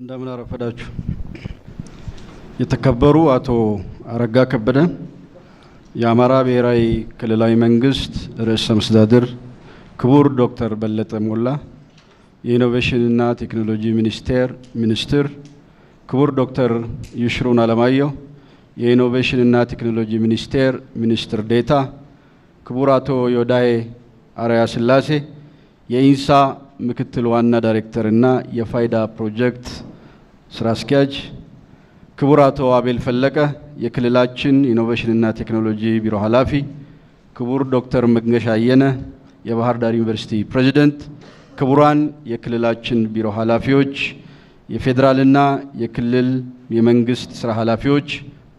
እንደምን አረፈዳችሁ። የተከበሩ አቶ አረጋ ከበደ የአማራ ብሔራዊ ክልላዊ መንግስት ርዕሰ መስተዳድር፣ ክቡር ዶክተር በለጠ ሞላ የኢኖቬሽንና ቴክኖሎጂ ሚኒስቴር ሚኒስትር፣ ክቡር ዶክተር ይሽሩን አለማየሁ የኢኖቬሽንና ቴክኖሎጂ ሚኒስቴር ሚኒስትር ዴታ፣ ክቡር አቶ ዮዳሄ አርአያ ስላሴ የኢንሳ ምክትል ዋና ዳይሬክተርና የፋይዳ ፕሮጀክት ስራ አስኪያጅ፣ ክቡር አቶ አቤል ፈለቀ የክልላችን ኢኖቬሽንና ቴክኖሎጂ ቢሮ ኃላፊ፣ ክቡር ዶክተር መንገሻ አየነ የባህር ዳር ዩኒቨርሲቲ ፕሬዚደንት፣ ክቡራን የክልላችን ቢሮ ኃላፊዎች፣ የፌዴራልና የክልል የመንግስት ስራ ኃላፊዎች፣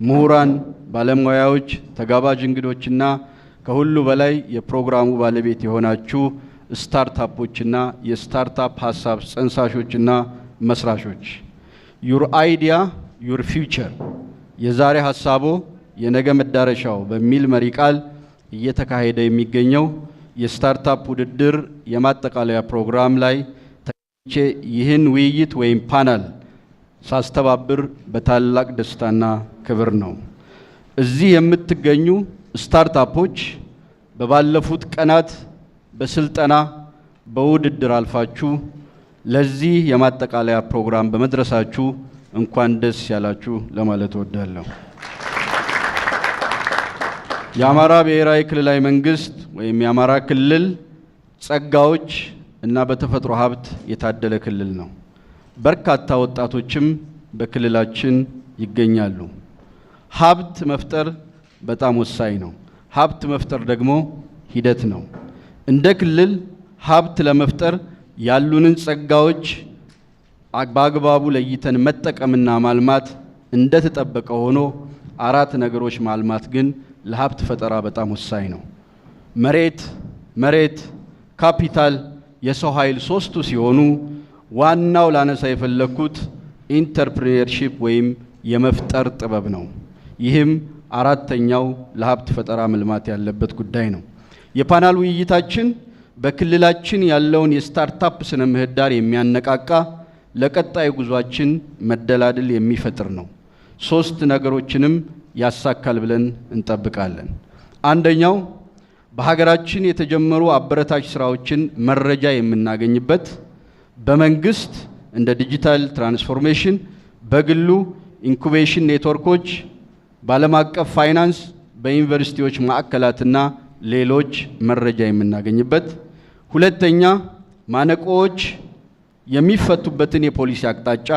ምሁራን፣ ባለሙያዎች፣ ተጋባዥ እንግዶችና ከሁሉ በላይ የፕሮግራሙ ባለቤት የሆናችሁ ስታርታፖችና የስታርታፕ ሀሳብ ጸንሳሾችና መስራሾች ዩር አይዲያ ዩር ፊውቸር የዛሬ ሀሳቦ የነገ መዳረሻው በሚል መሪ ቃል እየተካሄደ የሚገኘው የስታርታፕ ውድድር የማጠቃለያ ፕሮግራም ላይ ተቼ ይህን ውይይት ወይም ፓናል ሳስተባብር በታላቅ ደስታና ክብር ነው። እዚህ የምትገኙ ስታርታፖች በባለፉት ቀናት በስልጠና በውድድር አልፋችሁ ለዚህ የማጠቃለያ ፕሮግራም በመድረሳችሁ እንኳን ደስ ያላችሁ ለማለት እወዳለሁ። የአማራ ብሔራዊ ክልላዊ መንግስት ወይም የአማራ ክልል ጸጋዎች እና በተፈጥሮ ሀብት የታደለ ክልል ነው። በርካታ ወጣቶችም በክልላችን ይገኛሉ። ሀብት መፍጠር በጣም ወሳኝ ነው። ሀብት መፍጠር ደግሞ ሂደት ነው። እንደ ክልል ሀብት ለመፍጠር ያሉንን ጸጋዎች በአግባቡ ለይተን መጠቀምና ማልማት እንደተጠበቀ ሆኖ አራት ነገሮች ማልማት ግን ለሀብት ፈጠራ በጣም ወሳኝ ነው። መሬት፣ መሬት፣ ካፒታል፣ የሰው ኃይል ሶስቱ ሲሆኑ ዋናው ላነሳ የፈለግኩት ኢንተርፕሪነርሺፕ ወይም የመፍጠር ጥበብ ነው። ይህም አራተኛው ለሀብት ፈጠራ መልማት ያለበት ጉዳይ ነው። የፓናል ውይይታችን በክልላችን ያለውን የስታርታፕ ስነ ምህዳር የሚያነቃቃ ለቀጣይ ጉዟችን መደላድል የሚፈጥር ነው። ሶስት ነገሮችንም ያሳካል ብለን እንጠብቃለን። አንደኛው በሀገራችን የተጀመሩ አበረታች ስራዎችን መረጃ የምናገኝበት በመንግስት እንደ ዲጂታል ትራንስፎርሜሽን፣ በግሉ ኢንኩቤሽን ኔትወርኮች፣ በዓለም አቀፍ ፋይናንስ፣ በዩኒቨርሲቲዎች ማዕከላትና ሌሎች መረጃ የምናገኝበት፣ ሁለተኛ ማነቆዎች የሚፈቱበትን የፖሊሲ አቅጣጫ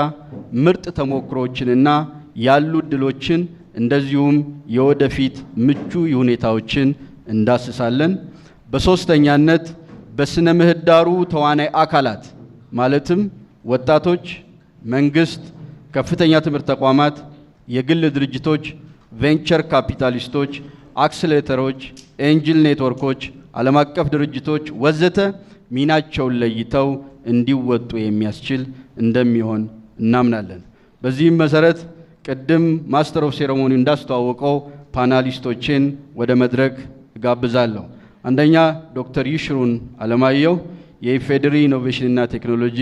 ምርጥ ተሞክሮዎችንና ያሉ እድሎችን እንደዚሁም የወደፊት ምቹ ሁኔታዎችን እንዳስሳለን። በሶስተኛነት በስነ ምህዳሩ ተዋናይ አካላት ማለትም ወጣቶች፣ መንግስት፣ ከፍተኛ ትምህርት ተቋማት፣ የግል ድርጅቶች፣ ቬንቸር ካፒታሊስቶች አክስሌተሮች፣ ኤንጅል ኔትወርኮች፣ ዓለም አቀፍ ድርጅቶች ወዘተ ሚናቸውን ለይተው እንዲወጡ የሚያስችል እንደሚሆን እናምናለን። በዚህም መሰረት ቅድም ማስተር ኦፍ ሴሬሞኒ እንዳስተዋወቀው ፓናሊስቶችን ወደ መድረክ እጋብዛለሁ። አንደኛ ዶክተር ይሽሩን አለማየሁ የኢፌዴሪ ኢኖቬሽንና ቴክኖሎጂ